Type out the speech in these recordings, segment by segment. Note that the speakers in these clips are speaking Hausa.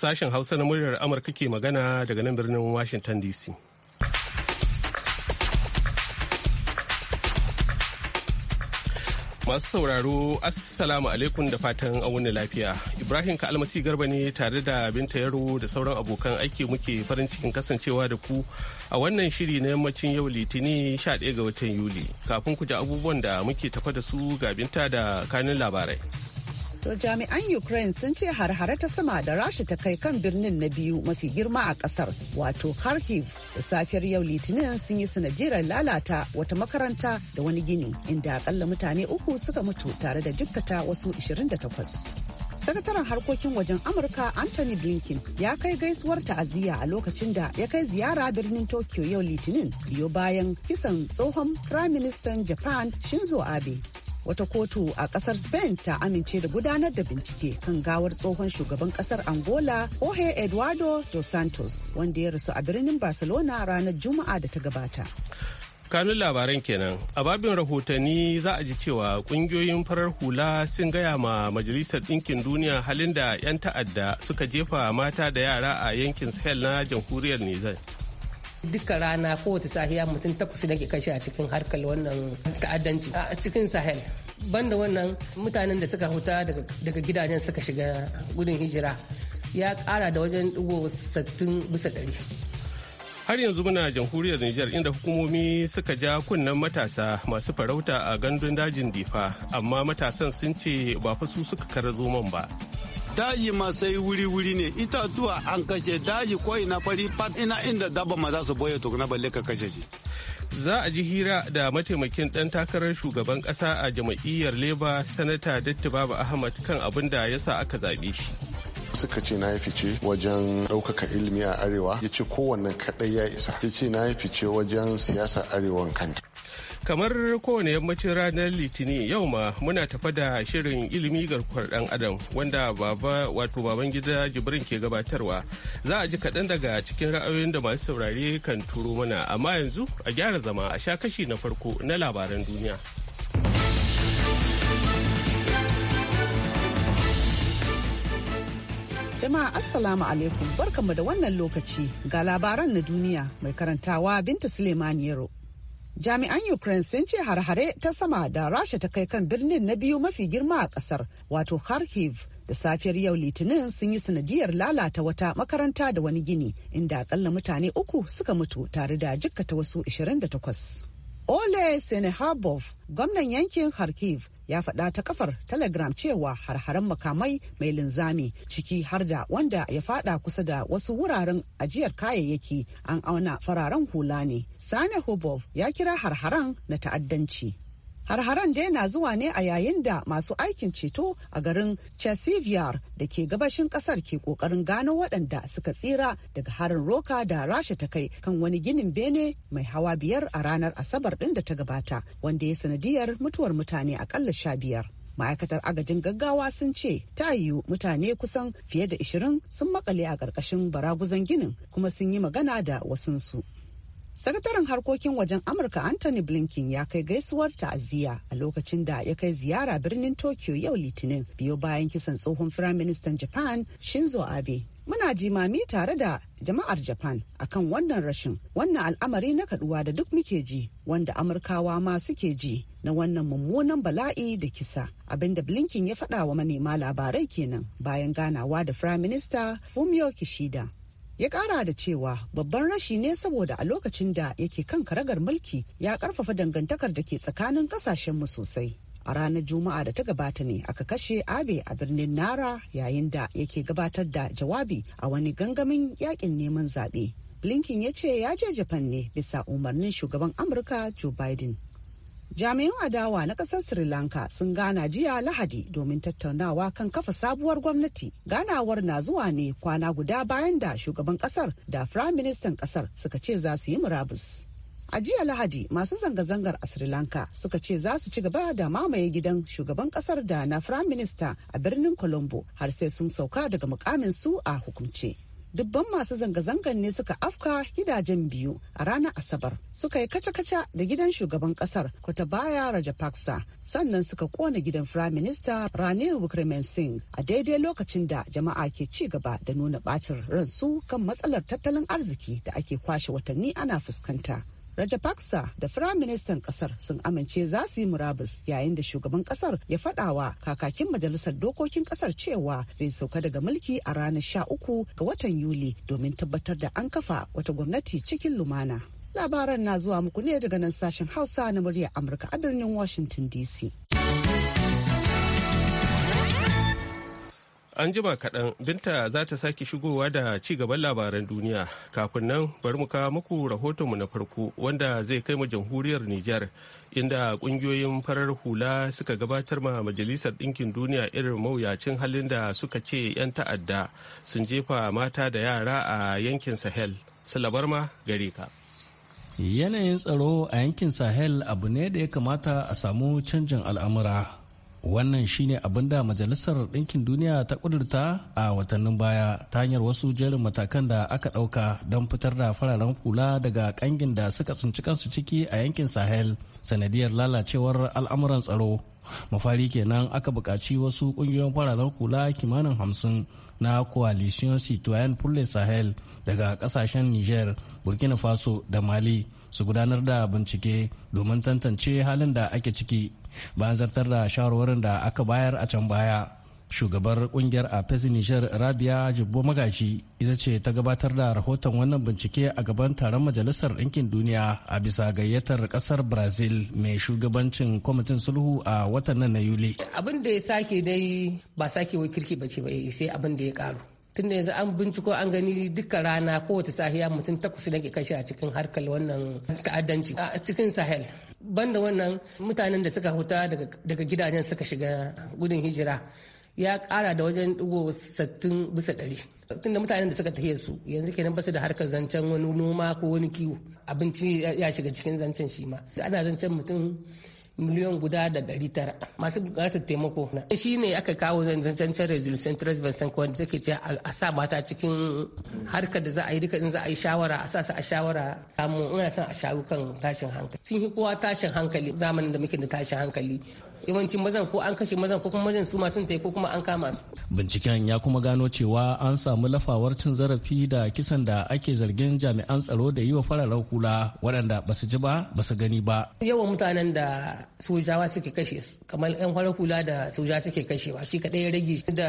Sashen Hausa na muryar Amurka ke magana daga nan birnin Washington DC. Masu sauraro, Assalamu alaikum da fatan wani lafiya. Ibrahim ka Almasi Garba ne tare da Binta Yaro da sauran abokan aiki muke farin cikin kasancewa da ku a wannan shiri na yammacin yau Litini 11 ga watan Yuli. Kafin ku ji abubuwan da muke tafa da su ga Binta da kanin labarai. To jami'an Ukraine sun ce har-hare ta sama da Rasha ta kai kan birnin na biyu mafi girma a kasar wato Kharkiv da safiyar yau Litinin sun yi sanadirar lalata wata makaranta da wani gini inda akalla mutane uku suka mutu tare da jikkata wasu 28. sakataren harkokin wajen amurka anthony blinken ya kai gaisuwar ta'aziyya a lokacin da ya kai ziyara birnin tokyo yau litinin biyo bayan kisan tsohon prime minister japan shinzo abe wata kotu a kasar spain ta amince da gudanar da bincike kan gawar tsohon shugaban kasar angola jorge eduardo dos santos wanda ya rasu a birnin barcelona ranar juma'a da ta gabata kanun labaran kenan a babin rahotanni za a ji cewa kungiyoyin farar hula sun gaya ma majalisar ɗinkin duniya halin da 'yan ta'adda suka jefa mata da yara a yankin sahel na jamhuriyar nizar duka rana kowace safiya mutum takwas da ke kashe a cikin harkar wannan ta'addanci a cikin sahel banda wannan mutanen da suka huta daga gidajen suka shiga gudun hijira ya kara da wajen digo sattun bisa ɗari. har yanzu muna jamhuriyar niger inda hukumomi suka ja kunnen matasa masu farauta a gandun dajin difa amma matasan sun ce ba fa su suka kara man ba daji ma sai wuri-wuri ne itatuwa an kashe daji ko ina fari pat ina inda daba ma za su boye to na balle ka kashe shi za a ji hira da mataimakin dan takarar shugaban kasa a jama'iyyar leba sanata baba ahmad kan abin da ya sa aka zabe shi suka ce na ya fice wajen ɗaukaka ilimi a arewa ya ce kowanne kaɗai ya isa ya ce na ya fice wajen siyasar arewan kanta kamar kowane yammacin ranar litinin yau ma muna tafa da shirin ilimi garkuwar dan adam wanda baba wato baban gida jibrin ke gabatarwa za a ji kaɗan daga cikin ra'ayoyin da masu saurare kan turo mana amma yanzu a gyara zama a sha kashi na farko na labaran duniya jama'a assalamu alaikum barkamu da wannan lokaci ga labaran na duniya mai karantawa binta suleiman yaro jami'an ukraine sun ce har-hare ta sama da rasha ta kai kan birnin na biyu mafi girma a kasar wato kharkiv da safiyar yau litinin sun yi sanadiyar lalata wata makaranta da wani gini inda akalla mutane uku suka mutu tare da jikkata wasu 28 Ole Senehabov, gwamnan yankin Kharkiv, ya faɗa ta kafar Telegram cewa harharen makamai mai linzami ciki har da wanda ya faɗa kusa da wasu wuraren ajiyar kayayyaki an auna fararen hula ne. Sane Hubov ya kira harharen na ta'addanci. Har-haren dai na zuwa ne a yayin da masu aikin ceto a garin Chasivyar da ke gabashin kasar ke kokarin gano waɗanda suka tsira daga harin roka da rasha ta kai kan wani ginin bene mai hawa biyar a ranar Asabar ɗin da ta gabata wanda ya sanadiyar mutuwar mutane akalla sha biyar. ma'aikatar agajin gaggawa sun ce ta yiwu mutane kusan fiye da 20 sun makale a ƙarƙashin baraguzan ginin kuma sun yi magana da wasunsu. sakataren harkokin wajen amurka anthony blinken ya kai gaisuwar ta'aziyya a lokacin da ya kai ziyara birnin tokyo yau litinin biyo bayan kisan tsohon firaministan japan shinzo abe muna jimami tare da jama'ar japan akan wannan rashin wannan al'amari na kaduwa da duk muke ji wanda amurkawa ma suke ji na wannan mummunan bala'i da kisa abinda blinken ya faɗa wa manema labarai kenan bayan ganawa da firaminista fumio kishida ya kara da cewa babban rashi ne saboda a lokacin da yake kan karagar mulki ya karfafa dangantakar da ke tsakanin kasashen mu sosai a ranar juma'a da ta gabata ne aka kashe abe a birnin nara yayin da yake gabatar da jawabi a wani gangamin yakin neman zaɓe blinken ya ce ya je japan ne bisa umarnin shugaban amurka joe biden jami'an adawa na kasar sri lanka sun gana jiya lahadi domin tattaunawa kan kafa sabuwar gwamnati ganawar na zuwa ne kwana guda bayan da shugaban kasar da firaministan kasar suka ce za su yi murabus a jiya lahadi masu zanga-zangar a sri lanka suka ce za su ci gaba da mamaye gidan shugaban kasar da na firaminista a birnin colombo har sai sun sauka daga mukamin su a hukumce dubban masu zanga-zangar ne suka afka gidajen biyu a ranar asabar suka yi kaca-kaca da gidan shugaban kasar raja rajapaksa sannan suka kona gidan firaminista ranil wickramen singh a daidai lokacin da jama'a ke ci gaba da nuna bacin ransu kan matsalar tattalin arziki da ake kwashe watanni ana fuskanta Rajapaksa da Firaministan kasar sun amince za su yi murabus yayin da shugaban kasar ya faɗawa kakakin majalisar dokokin kasar cewa zai sauka daga mulki a ranar sha uku ga watan Yuli domin tabbatar da an kafa wata gwamnati cikin lumana. Labaran na zuwa muku ne daga nan sashen Hausa na muryar Amurka a birnin Washington DC. An jima kaɗan Binta za ta sake shigowa da ci gaban labaran duniya. Kafin nan bari mu kawo muku mu na farko wanda zai kai mu jamhuriyar Nijar inda ƙungiyoyin farar hula suka gabatar ma Majalisar Ɗinkin Duniya irin mawuyacin halin da suka ce 'yan ta'adda sun jefa mata da yara a yankin Sahel. Salabar ma gare ka. Yanayin tsaro a yankin Sahel abu ne da ya kamata a samu canjin al'amura. wannan shine abin da majalisar ɗinkin duniya ta ƙudurta a watannin baya ta hanyar wasu jerin matakan da aka ɗauka don fitar da fararen hula daga ƙangin da suka tsinci kansu ciki a yankin sahel sanadiyar lalacewar al'amuran tsaro mafari kenan aka buƙaci wasu ƙungiyoyin fararen hula kimanin hamsin na coalition citoyen pour sahel daga ƙasashen niger burkina faso da mali su gudanar da bincike domin tantance halin da ake ciki bayan zartar da shawarwarin da aka bayar a can baya shugabar kungiyar a nishar rabia jibbo magaji ita ce ta gabatar da rahoton wannan bincike a gaban taron majalisar ɗinkin duniya a bisa gayyatar ƙasar brazil mai shugabancin kwamitin sulhu a watan na yuli abin da ya sake dai ba sake wai kirki ba ce ba eh, sai abin da ya karu Tun da yanzu an binciko an gani duka rana kowace sahiya mutum takwas da ke kashe a cikin harkar wannan ta'addanci a cikin sahel banda wannan mutanen da suka huta daga gidajen suka shiga gudun hijira ya kara da wajen digo sattin bisa ɗari tunda mutanen da suka tafiye su yanzu kenan basu da harkar zancen wani noma ko wani kiwo abinci ya shiga cikin zancen shi ma ana zancen mutum miliyan guda da ɗari tara masu bukatar taimako na shi ne aka kawo zancen resolution trust ban san da take ce a sa mata cikin harkar da za a yi duka in za a yi shawara a sa su a shawara kamun ina son a shawo kan tashin hankali sun yi kowa tashin hankali zamanin da muke da tashin hankali yawanci mazan ko an kashe mazan ko kuma mazan su ma sun ko kuma an kama su. Binciken ya kuma gano cewa an samu lafawar cin zarafi da kisan da ake zargin jami'an tsaro da yi wa fararen hula waɗanda ba su ji ba ba su gani ba. Yawan mutanen da sojawa suke kashe su kamar yan farar kula da soja suke kashewa shi kadai ya rage da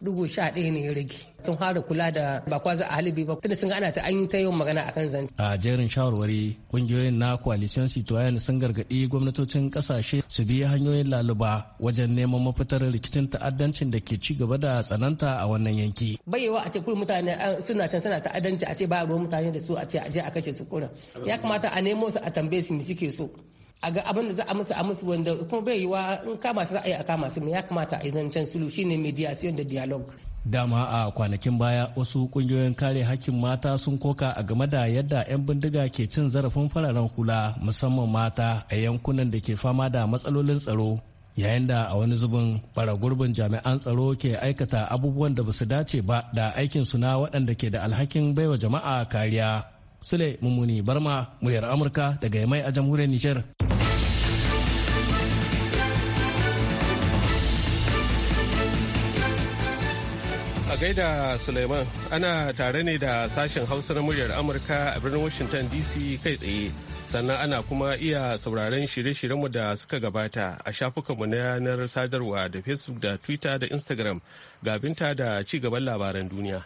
dubu sha ɗaya ne ya rage sun fara kula da ba kwaza a halibi ba tunda sun ana ta an yi ta yawan magana akan zan. a jerin shawarwari kungiyoyin na coalition citoyen sun gargaɗi gwamnatocin ƙasashe su bi hanyoyin laluba wajen neman mafitar rikicin ta'addancin da ke ci gaba da tsananta a wannan yanki. bayewa a ce kullum mutane suna can suna ta'addanci a ce ba a ruwan mutane da su a ce a je a kashe su kurin ya kamata a nemo su a tambaye su ne suke so a ga abin da za a musu a musu wanda kuma bai yiwa in kama su za a yi a kama su ya kamata a yi zancen sulu shine mediation da dialogue dama a kwanakin baya wasu kungiyoyin kare hakkin mata sun koka a game da yadda 'yan bindiga ke cin zarafin fararen hula musamman mata a yankunan da ke fama da matsalolin tsaro yayin da a wani zubin bara gurbin jami'an tsaro ke aikata abubuwan da ba su dace ba da aikin su na waɗanda ke da alhakin baiwa jama'a kariya Sule Mummuni Barma muryar Amurka daga Yamai a jamhuriyar Nijar. A gaida Suleiman ana tare ne da sashen Hausa na muryar Amurka a birnin Washington DC kai tsaye. Sannan ana kuma iya sauraron shirye-shiryenmu da suka gabata a mu na yanar sadarwa da Facebook da Twitter da Instagram ga binta da ci gaban labaran duniya.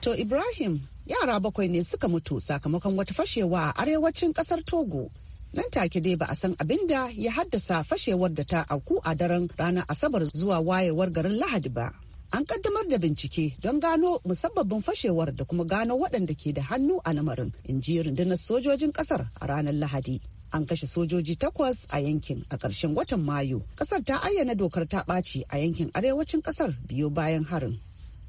To Ibrahim yara bakwai ne suka mutu sakamakon wata fashewa a arewacin kasar togo nan take dai ba a san abin da ya haddasa fashewar da ta auku a daren ranar asabar zuwa wayewar garin lahadi ba an kaddamar da bincike don gano musabbabin fashewar da kuma gano waɗanda ke da hannu a lamarin in ji rundunar sojojin kasar a ranar lahadi an kashe sojoji takwas a yankin a ƙarshen watan mayu ƙasar ta ayyana dokar ta ɓaci a yankin arewacin ƙasar biyo bayan harin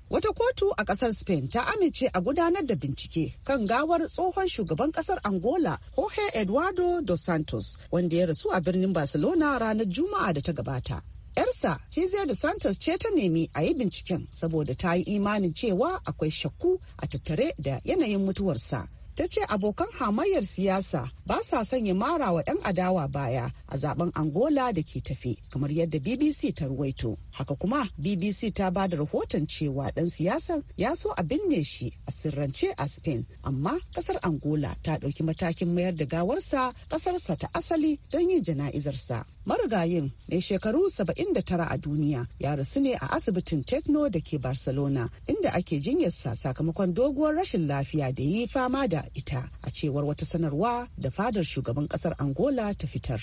Wata kotu a kasar Spain ta amince a gudanar da bincike kan gawar tsohon shugaban kasar Angola Jorge Eduardo dos Santos wanda ya rasu a birnin Barcelona ranar Juma'a da ta gabata. Yarsa Cizia dos Santos ce ta nemi a yi binciken saboda ta yi imanin cewa akwai shakku a tattare da yanayin mutuwarsa ta ce abokan hamayyar siyasa ba sa sanya mara wa 'yan adawa baya a zaben angola da ke tafe kamar yadda bbc ta ruwaito haka kuma bbc ta ba da rahoton cewa dan siyasar ya so a binne shi a sirrance a spain amma kasar angola ta ɗauki matakin mayar da gawarsa ƙasarsa ta asali don yin jana'izarsa marigayin mai shekaru 79 a duniya ya rasu ne a asibitin Tecno da ke barcelona inda ake jinyarsa sakamakon doguwar rashin lafiya da yi fama da ita a cewar wata sanarwa da fadar shugaban kasar angola ta fitar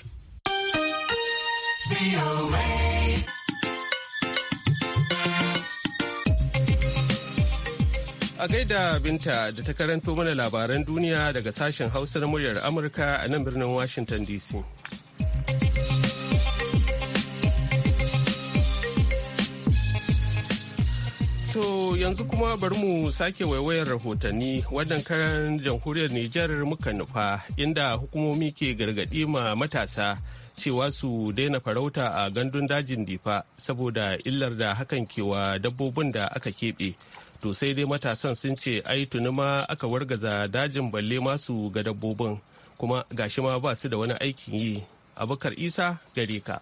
a gaida binta da ta karanto mana labaran duniya daga sashen hausar muryar amurka a nan birnin washington dc To yanzu kuma bari mu sake waiwayar rahotanni wannan karan jamhuriyar Nijar muka nufa inda hukumomi ke gargaɗi ma matasa cewa su daina farauta a gandun dajin difa saboda illar da hakan kewa dabbobin da aka keɓe. To sai dai matasan sun ce ai tuni ma aka wargaza dajin balle masu ga dabbobin kuma gashi ma ba su da wani aikin yi. Abukar Isa gare ka.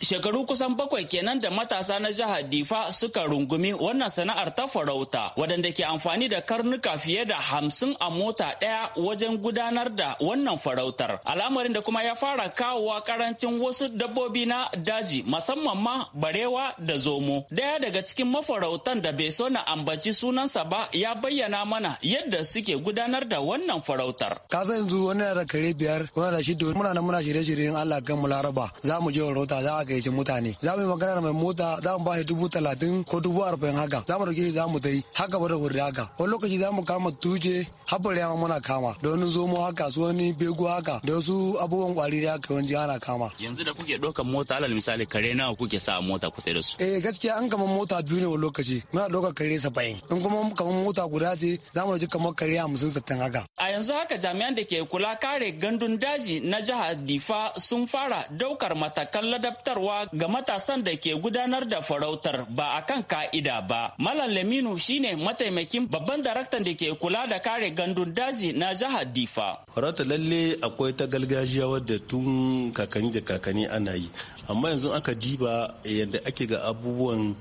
Shekaru kusan bakwai kenan da matasa na jihar Difa suka rungumi wannan sana'ar ta farauta waɗanda ke amfani da karnuka fiye da hamsin a mota ɗaya wajen gudanar da wannan farautar. Al'amarin da kuma ya fara kawowa karancin wasu dabbobi na daji musamman ma barewa da zomo. Daya daga cikin mafarautan da bai so na ambaci sunansa ba ya bayyana mana yadda suke gudanar da wannan farautar. Ka yanzu wani da kare biyar, wani da shida, muna nan muna shirye-shiryen Allah kan mu Laraba za mu je rota, za gayyaci mutane za mu yi magana da mai mota za mu ba shi dubu talatin ko dubu arba'in haka za mu ɗauke shi za mu tai haka ba da wuri haka wani lokaci za mu kama tuje haɓar yawa muna kama da wani zomo haka su wani bego haka da wasu abubuwan kwari da haka wani ana kama. yanzu da kuke ɗaukar mota alal misali kare nawa kuke sa mota kusa da su. eh gaskiya an kama mota biyu ne wani lokaci muna ɗaukar kare saba'in in kuma kamar mota guda ce za mu ɗauki kamar kare hamsin sattin haka. a yanzu haka jami'an da ke kula kare gandun daji na jihar difa sun fara ɗaukar matakan ladabtar koyarwa ga matasan da ke gudanar da farautar ba a kan ka'ida ba. Malam Laminu shine mataimakin babban daraktan da ke kula da kare gandun daji na jihar Difa. Farauta lalle akwai ta gargajiya wadda tun kakanni da kakanni ana yi. Amma yanzu aka diba eh, yadda ake ga abubuwan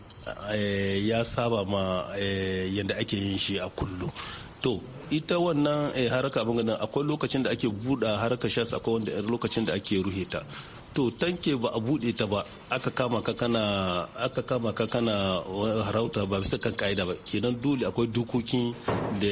eh, ya saba ma eh, yadda ake yin shi a kullum. To, ita wannan haraka abin akwai lokacin da ake buɗa harkar shas akwai wanda lokacin da ake ruhe ta to tanke ba a bude ta ba aka kama ka kana aka kama ka kana harauta ba bisa kan ka'ida ba kenan dole akwai dokokin da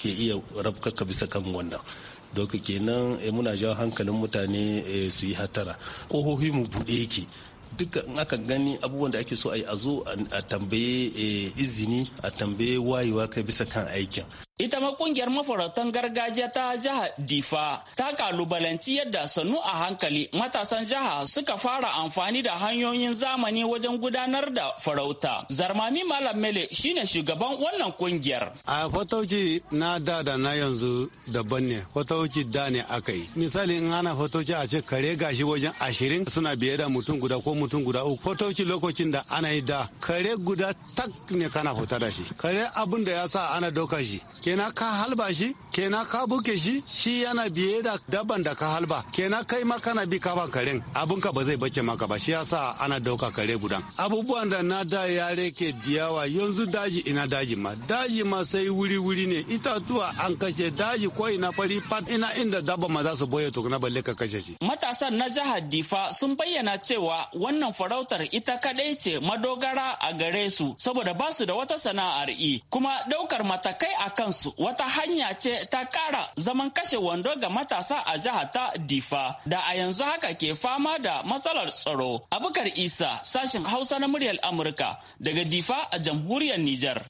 ke iya ka bisa kan wannan doka kenan eh, muna jawo hankalin mutane eh, su yi hatara kohohi mu bude yake duka in aka gani abubuwan da ake so a yi a zo a tambaye eh, izini a tambaye wayewa kai bisa kan aikin Ita ma kungiyar mafarautan gargajiya ta jihar Difa ta kalubalanci yadda sannu a hankali matasan jiha suka fara amfani da hanyoyin zamani wajen gudanar da farauta. Zarmami Malam Mele shine shugaban wannan kungiyar. A fatauci na da da na yanzu daban ne, fatauci da ne aka yi. Misali in ana fatauci a ce kare gashi wajen ashirin suna biye da mutum guda ko mutum guda uku. Fatauci lokacin da ana yi da kare guda tak ne kana fita da shi. Kare abin da ya sa ana doka shi. kena ka halba shi kena ka buke shi shi yana biye da daban da ka halba kena kai ma kana bi kafa karen abinka ba zai bace maka ba shi yasa ana dauka kare gudan abubuwan da na da yare ke diyawa yanzu daji ina daji ma daji ma sai wuri wuri ne itatuwa an kashe daji ko ina fari fat ina inda dabba ma za su boye to na balle ka kashe shi matasan na jihar difa sun bayyana cewa wannan farautar ita kadai ce madogara a gare su saboda ba su da wata sana'ar i kuma daukar matakai akan kansu wata hanya ce ta kara zaman kashe wando ga matasa a jihar ta Difa da a yanzu haka ke fama da matsalar tsaro. Abukar Isa sashen Hausa na muryar Amurka daga Difa a jamhuriyar Nijar.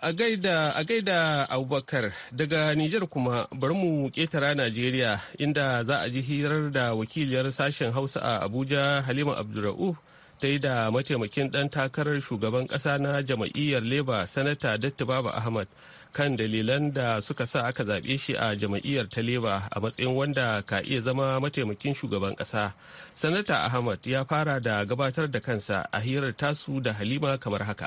A gaida Abubakar daga Nijar kuma bari mu ketara Najeriya inda za a ji hirar da wakiliyar sashen Hausa a Abuja Halima Abdulra'u ta yi da mataimakin ɗan takarar shugaban ƙasa na jama'iyyar Leba Sanata Dattibaba Ahmad. kan dalilan da suka sa aka zaɓe shi a jama'iyyar ta leba a matsayin wanda ka iya zama mataimakin shugaban ƙasa sanata ahmad ya fara da gabatar da kansa a hirar tasu da halima kamar haka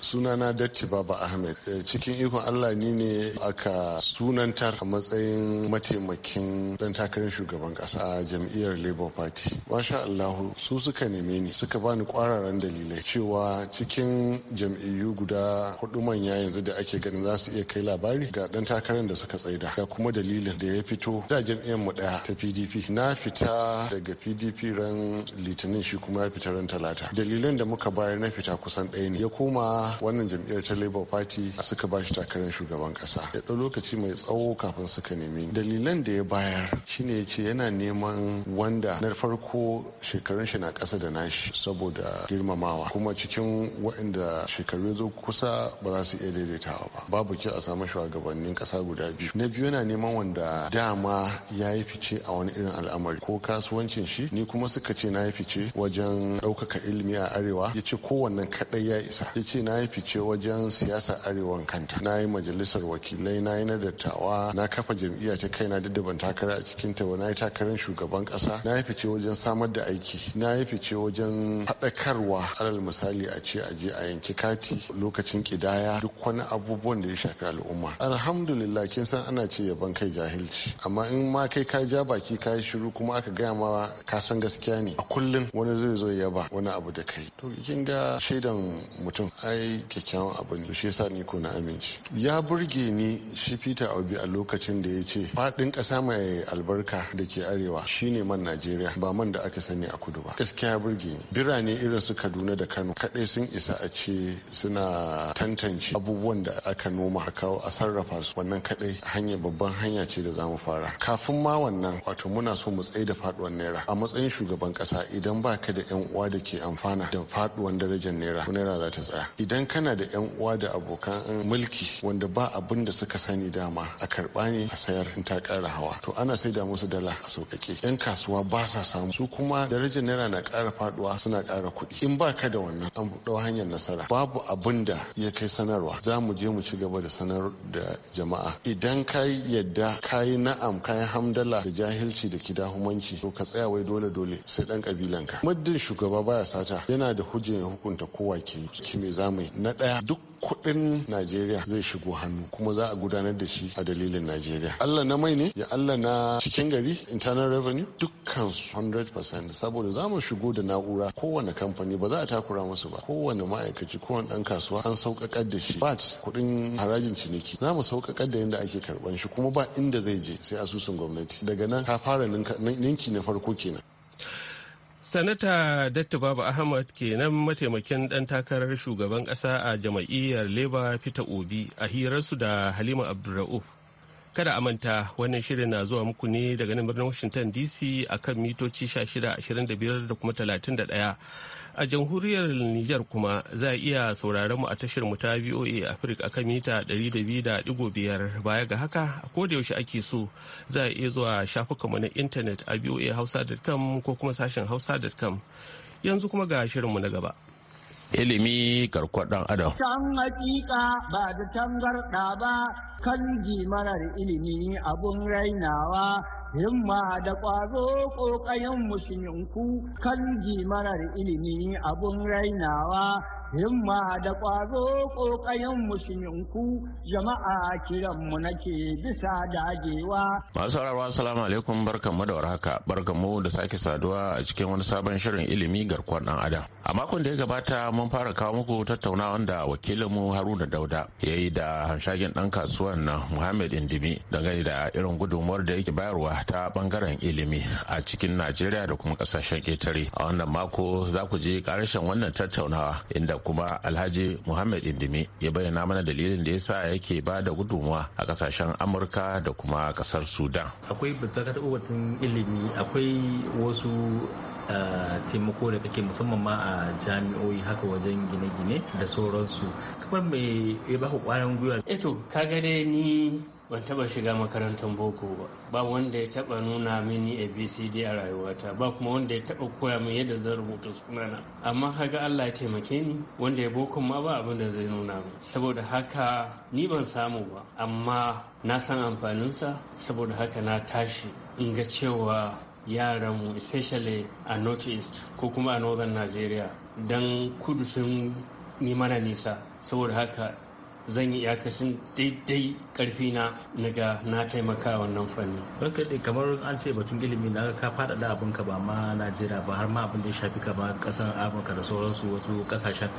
sunana datti baba ahmed eh, cikin ikon allah ni ne aka sunantar a matsayin mataimakin dan takarar shugaban kasa a jam'iyyar labour party masha allahu su suka neme ni suka bani kwararan dalilai cewa cikin jam'iyyu guda hudu manya yanzu da ake ganin za su iya kai labari ga dan takarar da suka tsaida ga kuma dalilin da ya fito da jam'iyyar mu daya ta pdp na fita daga pdp ran litinin shi kuma ya fita ran talata dalilan da muka bayar na fita kusan ɗaya ne ya koma wannan jam'iyyar ta labour party suka bashi takarar shugaban kasa ya ɗau lokaci mai tsawo kafin suka nemi dalilan da ya bayar shine ya ce yana neman wanda na farko shekarun shi na kasa da nashi saboda girmamawa kuma cikin waɗanda shekaru zo kusa ba za su iya daidaitawa ba babu kyau a samu shugabannin ƙasa guda biyu na biyu yana neman wanda dama ya yi fice a wani irin al'amari ko kasuwancin shi ni kuma suka ce na yi fice wajen ɗaukaka ilimi a arewa ya ce kowannen kaɗai ya isa ya ce na na yi fice wajen siyasar arewan kanta na yi majalisar wakilai na yi na dattawa na kafa jam'iyya ta kaina duk da ban takara a cikin ta na yi takarar shugaban kasa na yi fice wajen samar da aiki na yi fice wajen haɗakarwa alal misali a ce a je a yanki kati lokacin kidaya duk wani abubuwan da ya shafi al'umma alhamdulillah kin san ana ce yaban kai jahilci amma in ma kai ka ja baki ka yi shiru kuma aka gaya ma ka san gaskiya ne a kullum wani zai zo yaba wani abu da kai to kin ga shaidan mutum ai yi kyakkyawan abu ne shi yasa ni ko na aminci ya burge ni shi Peter Obi a lokacin da ya ce faɗin kasa mai albarka da ke arewa shine man Najeriya ba man da aka sani a kudu ba gaskiya ya burge ni birane irin su Kaduna da Kano kadai sun isa a ce suna tantance abubuwan da aka noma a kawo a sarrafa su wannan kaɗai hanya babban hanya ce da zamu fara kafin ma wannan wato muna so mu tsaye da faduwar naira a matsayin shugaban ƙasa idan baka da yan uwa da ke amfana da faduwar darajar naira naira za ta tsaya idan kana da yan uwa da abokan mulki wanda ba abin da suka sani dama a karba ne a sayar in ta kara hawa to ana saida musu dala a sauƙaƙe yan kasuwa ba sa samu su kuma darajar naira na kara faduwa suna kara kuɗi in ba ka da wannan an ɗau hanyar nasara babu abin da ya kai sanarwa za mu je mu ci gaba da sanar da jama'a idan ka yadda ka yi na'am ka yi hamdala da jahilci da kidahumanci to ka tsaya wai dole dole sai dan kabilanka muddin shugaba baya sata yana da hujjar hukunta kowa ke ki me zamu na ɗaya duk kuɗin Najeriya zai shigo hannu kuma za a gudanar da shi a dalilin Najeriya. Allah na mai ne ya Allah na cikin gari internal revenue dukkan 100% saboda za mu shigo da na'ura kowane kamfani ba za a takura musu ba kowane ma'aikaci kowane ɗan kasuwa an sauƙaƙar da shi bat kudin harajin ciniki za mu sauƙaƙar da yadda ake karɓan shi kuma ba inda zai je sai asusun gwamnati daga nan ka fara ninki na farko kenan. sanata datti babu ahmad kenan mataimakin ɗan takarar shugaban ƙasa a jama'iyyar labour fita obi a hirarsu da halima abdulra'uf Kada a manta wannan shirin na zuwa muku ne daga nan birnin Washington DC a kan mitoci 1625 da kuma 31. A jamhuriyar niger kuma za a iya sauraron mu a tashar mu ta VOA Africa a kan mita 200.5 baya ga haka a yaushe ake so za a iya zuwa shafukan mu na intanet a voahausa.com ko kuma sashen hausa.com yanzu kuma ga shirinmu na gaba. ilimi garkuwar dan adam. Can hakika ba da tangarɗa ba kan ji marar ilimi abun rainawa himma da ƙwazo ƙoƙayen musulminku kan marar ilimi abun rainawa himma da ƙwazo ƙoƙayen musulminku jama'a kiranmu nake bisa dagewa. Masu sauraro assalamu alaikum mu da warhaka barkanmu da sake saduwa a cikin wani sabon shirin ilimi garkuwar ɗan adam. A makon da ya gabata mun fara kawo muku tattaunawan da wakilin mu Haruna Dauda ya yi da hanshagen ɗan kasuwan na Muhammad Indimi dangane da irin gudunmuwar da yake bayarwa ta bangaren ilimi a cikin najeriya da kuma kasashen ƙetare a wannan mako za ku ji karashen wannan tattaunawa inda kuma alhaji muhammad indimi ya bayyana mana dalilin da yasa yake ba da gudunmuwa a kasashen amurka da kuma kasar sudan akwai batun ilimi akwai wasu eh, taimako da kake musamman ma a jami'oi haka wajen gine-gine da sauransu kamar mai ya ba ku kwanan gwiwa eto eh ka gane ni ban taba shiga makarantar boko ba ba wanda ya taba nuna mini abcd a rayuwata ba kuma wanda ya taba koya min yadda zan rubuta sunana amma kaga allah ya taimake ni wanda ya boko ma ba abin da zai nuna min saboda haka ni ban samu ba amma na san amfaninsa saboda haka na tashi in ga cewa yaranmu especially a northeast ko kuma a northern nigeria don kudu sun yi mana nisa saboda haka zan yi iyakacin daidai karfi na naga na taimaka wannan fanni. Don dai kamar an ce batun ilimi na ka faɗaɗa abinka ka ba ma Najeriya ba har ma abin da ya shafi ba ƙasar Amurka da sauransu wasu ƙasashen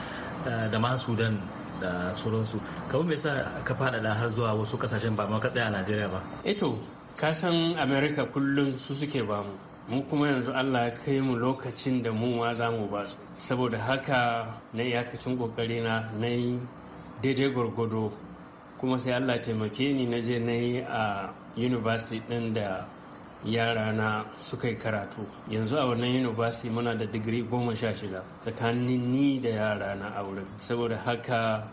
eh, da ma Sudan da sauransu. kawo me yasa ka faɗaɗa har zuwa wasu ƙasashen ba ma ka tsaya a Najeriya ba? Eto, eh ka san Amerika kullum su suke bamu. mu kuma yanzu Allah ya kai mu lokacin da mu ma za mu ba su saboda haka na iyakacin kokari na na yi daidai gwargwado kuma sai allah taimake ni na je na yi a university ɗin da yara na suka yi karatu yanzu a wannan university muna da digiri goma sha shida tsakanin ni da yara na a wurin saboda haka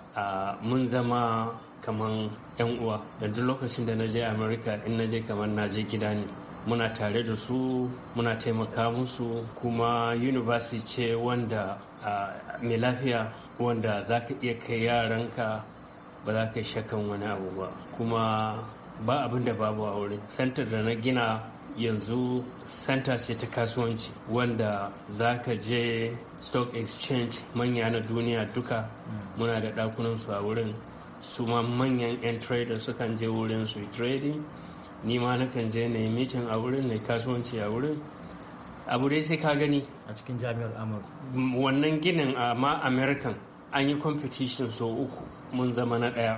mun zama kaman yan uwa da duk lokacin da na je america in na je kamar na je gida ne muna tare da su muna taimaka musu kuma university ce wanda mai lafiya wanda za ka iya kai yaranka ba za ka shakan wani abu ba kuma ba abin da babu a wurin santar da na gina yanzu santa ce ta kasuwanci wanda za ka je stock exchange manya na duniya duka muna da ɗakunansu a wurin su ma manyan 'yan trader sukan je wurin su trading ni ma na kan je na yi mitin a wurin na kasuwanci a wurin abu dai sai ka gani a cikin jami'ar amurka wannan ginin a ma american an yi competition so uku mun zama na daya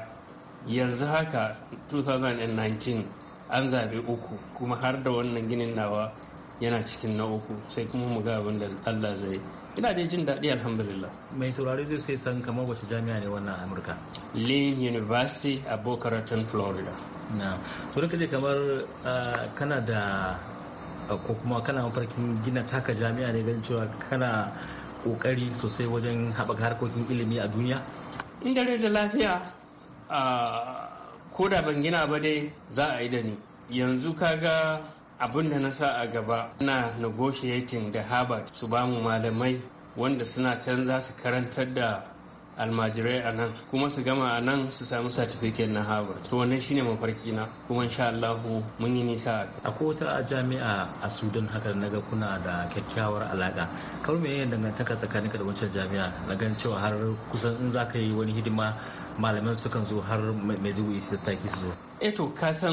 yanzu haka 2019 an zabe uku kuma har da wannan ginin nawa yana cikin na uku sai kuma mu ga abin da allah zai ina dai jin daɗi alhamdulillah mai saurari zai sai san kamar wace jami'a ne wannan amurka lane university a boca raton florida na to kamar ah, kana da ko kuma kana mafarkin gina taka jami'a ne ganin cewa kana kokari sosai wajen haɓaka harkokin ilimi a duniya in dare da lafiya ko da ban gina ba dai za a yi da ni yanzu kaga abin da na sa a gaba na negotiating da harvard su bamu malamai wanda suna can za su karantar da almajirai a nan kuma su gama a nan su samu certificate na harvard to wannan shine mafarki na kuma insha allahu mun yi nisa a akwai wata a jami'a a sudan haka na ga kuna da kyakkyawar alaƙa, kawai me yin dangantaka tsakanin da wancan jami'a na gan cewa har kusan in za ka yi wani hidima malaman sukan zo har mai dubu isa taki su zo eh to ka san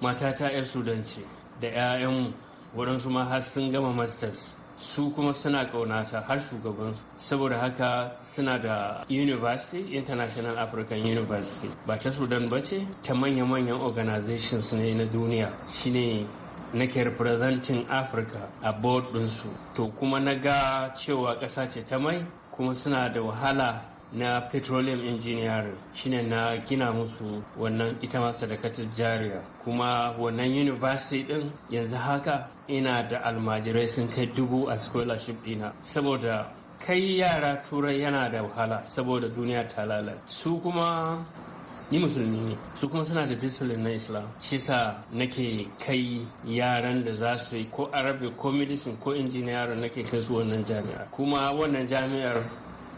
matata yar sudan ce da 'ya'yanmu waɗansu ma har sun gama masters su kuma suna ƙaunata har shugabansu saboda haka suna da university international african university ba ta sudan ba ce ta manya-manyan organizations ne na duniya shine nake representing africa a board ɗinsu to kuma na ga cewa ƙasa ce ta mai kuma suna da wahala na petroleum engineering shine na gina musu wannan ita ma sadakatar jariya kuma wannan university din yanzu haka ina da almajirai sun kai dubu a scholarship dina saboda kai yara turai yana da wahala saboda duniya ta lalace su kuma ni musulmi ne su kuma suna da discipline na islam shi sa nake kai yaran da za su yi ko arabic ko medicine ko engineering nake kai su wannan jami'ar kuma wannan jami'ar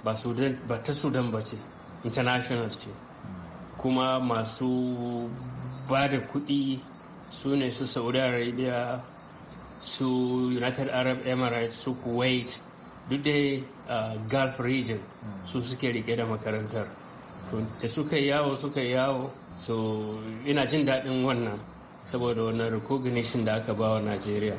ba sudan ba ta sudan ba ce international ce kuma masu ba da kuɗi su ne su saudi arabia su united arab emirates su kuwait duk dai gulf region su suke rike da makarantar da suka yawo suka yawo so ina jin daɗin wannan saboda wannan recognition da aka ba wa najeriya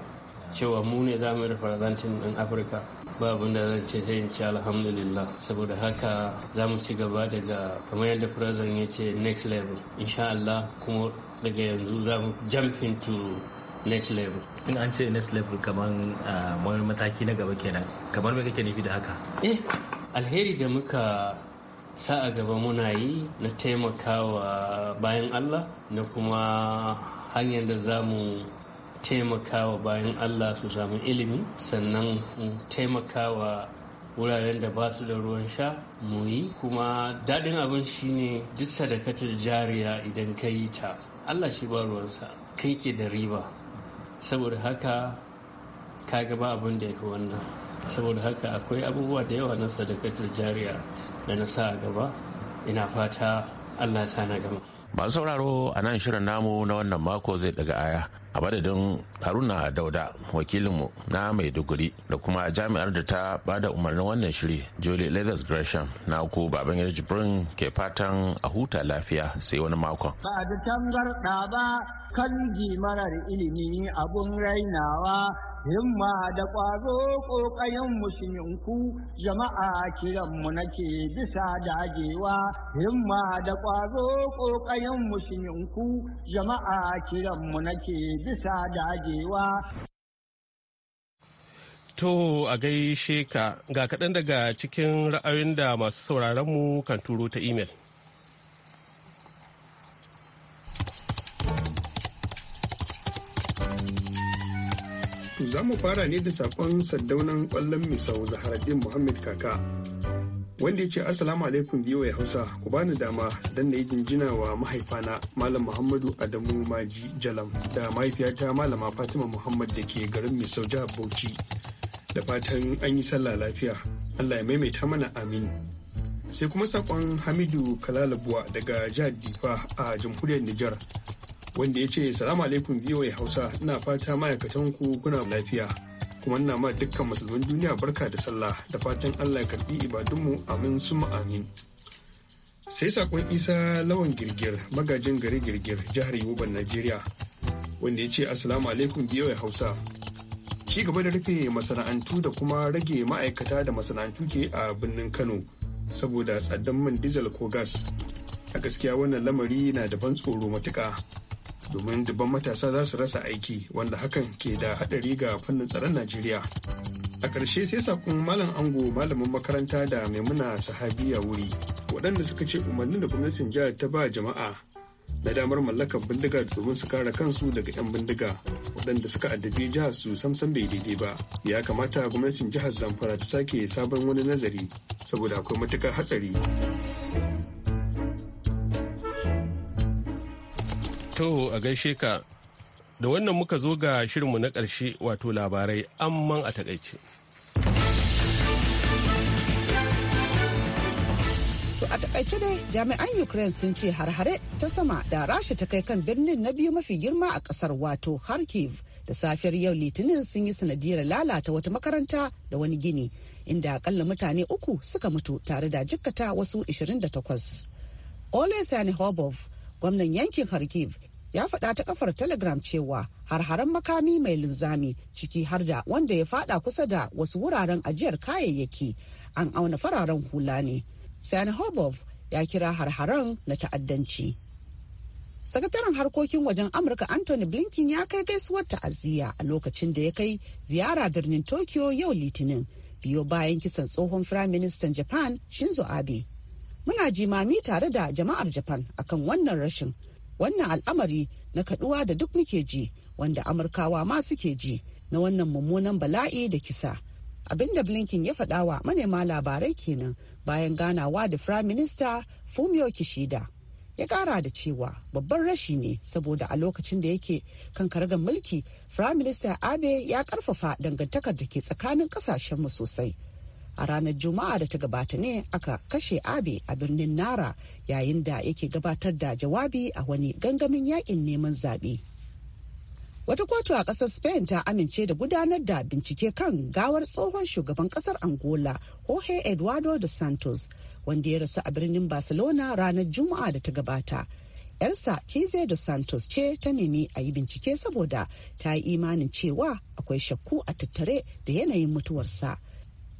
cewa mu ne za mu representing ɗin afirka ba abin da zan ce sai in ci alhamdulillah saboda haka za mu ci gaba daga kamar yadda president ya ce next level insha Allah kuma daga yanzu za mu jump into next level in an ce next level ah, kamar wani mataki na gaba kenan kamar me kake nufi da haka eh alheri da muka sa a gaba muna yi na taimakawa bayan Allah na kuma hanyar da za mu taimakawa bayan Allah su samu ilimi sannan taimakawa wuraren da ba su da ruwan sha muyi kuma daɗin abin ne duk sadakatar jariya idan ka yi ta Allah shi ba ruwansa kai ke da riba saboda haka ka gaba abin da ya fi wannan saboda haka akwai abubuwa da yawa na sadakatar jariya da na sa gaba ina fata Allah ta na gama masu sauraro a nan shirin namu na wannan mako zai daga aya a madadin haruna dauda wakilinmu na maiduguri da kuma jami'ar da ta bada umarnin wannan shiri jolly leathers gresham na ku baban jibrin ke fatan a huta lafiya sai wani makon ba da tangarda ba kan marar ilimi abun rainawa himma da ƙwazo ƙoƙayen musulminku jama'a kiran kiranmu nake bisa dajewa. himma da ƙwazo ƙoƙayen musulminku jama'a kiranmu nake bisa dajewa. To a gaishe ka ga kaɗan daga cikin ra'ayoyin da masu sauraronmu kan turo ta imel. za mu fara ne da sakon saddaunan kwallon misau zaharaddin muhammad kaka wanda ya ce assalamu alaikum ya hausa ku bani dama don na yi jinjina wa mahaifana malam muhammadu adamu maji jalam da mahaifiyata malama fatima muhammad da ke garin mai sau jihar bauchi da fatan an yi sallah lafiya allah ya maimaita mana amin sai kuma saƙon hamidu kalalabuwa daga jihar difa a jamhuriyar nijar wanda ya ce salamu alaikum ya hausa ina fata ma'aikatan ku kuna lafiya kuma ina ma dukkan musulmin duniya barka da sallah da fatan allah ya karbi ibadunmu amin suma amin sai sakon isa lawan girgir magajin gari girgir jihar yoban najeriya wanda ya ce assalamu alaikum biyoyi hausa ci gaba da rufe masana'antu da kuma rage ma'aikata da masana'antu ke a birnin kano saboda tsadan man dizal ko gas a gaskiya wannan lamari na da ban tsoro matuka domin dubban matasa za su rasa aiki wanda hakan ke da hadari ga fannin tsaron najeriya a ƙarshe sai sakon malam ango malamin makaranta da maimuna sahabiya wuri waɗanda suka ce umarnin da gwamnatin jihar ta ba jama'a na damar mallakar bindiga domin su kare kansu daga 'yan bindiga waɗanda suka addabi jihar su samsan bai daidai ba ya kamata gwamnatin jihar zamfara ta sake sabon wani nazari saboda akwai matuƙar hatsari To a gaishe ka da wannan muka zo ga shirinmu na ƙarshe wato labarai amman a takaice. To a takaice dai jami'an Ukraine sun ce har-hare ta sama da rasha ta kai kan birnin na biyu mafi girma a ƙasar wato Kharkiv da safiyar yau litinin sun yi sanadiyar lalata wata makaranta da wani gini inda akalla mutane uku suka mutu tare da jikkata wasu 28. Ole Sani Hobov gwamnan yankin kharkiv ya faɗa ta kafar telegram cewa har makami mai linzami ciki har da wanda ya faɗa kusa da wasu wuraren ajiyar kayayyaki an auna fararen hula ne sani hobov ya kira har na ta'addanci sakataren harkokin wajen amurka anthony blinken ya kai gaisuwar ta'aziyya a lokacin da ya kai ziyara birnin tokyo yau litinin biyo bayan kisan tsohon firaministan japan shinzo abe muna jimami tare da jama'ar japan akan wannan rashin wannan al'amari na kaduwa da duk muke ji wanda amurkawa ma suke ji na wannan mummunan bala'i da kisa abinda blinken ya faɗa wa manema labarai kenan bayan ganawa da prime minister fumio kishida ya ƙara da cewa babban rashi ne saboda a lokacin da yake kan karagar mulki prime minister abe ya ƙarfafa dangantakar da ke tsakanin mu sosai a ranar juma'a da ta gabata ne aka kashe abe a birnin nara yayin da yake gabatar da jawabi a wani gangamin yakin neman zaɓe wata kotu a ƙasar spain ta amince da gudanar da bincike kan gawar tsohon shugaban ƙasar angola jorge eduardo dos santos wanda ya rasu a birnin barcelona ranar juma'a da ta gabata yarsa Tize dos Santos ce ta nemi a yi bincike saboda ta yi imanin cewa akwai shakku a tattare da yanayin mutuwarsa.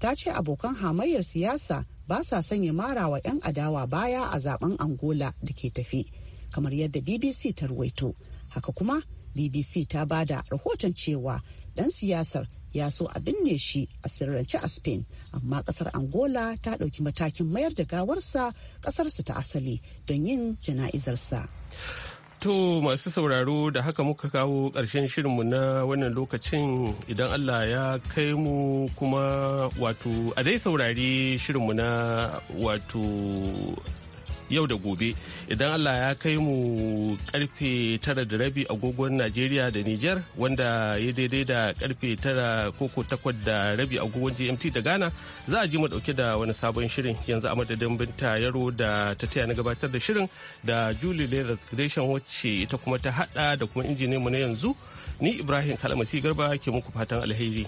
ta ce abokan hamayyar siyasa ba sa sanya marawa 'yan adawa baya a zaben angola da ke tafi kamar yadda bbc ta ruwaito haka kuma bbc ta ba da rahoton cewa dan siyasar ya so a binne shi a sirrance a spain amma kasar angola ta ɗauki matakin mayar da gawarsa ƙasarsa ta asali don yin jana'izarsa To masu sauraro da haka muka kawo ƙarshen shirinmu na wannan lokacin idan Allah ya kai mu kuma wato a dai saurari shirinmu na wato yau da gobe idan allah ya kai mu karfe tara da rabi agogon najeriya da niger wanda ya daidai da karfe tara koko takwas da rabi agogon gmt da ghana za a ji mu dauke da wani sabon shirin yanzu a madadin binta yaro da ta taya na gabatar da shirin da julie leathers gresham wacce ita kuma ta hada da kuma mu na yanzu ni ibrahim kalamasi garba ke muku fatan alheri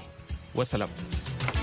wasalam.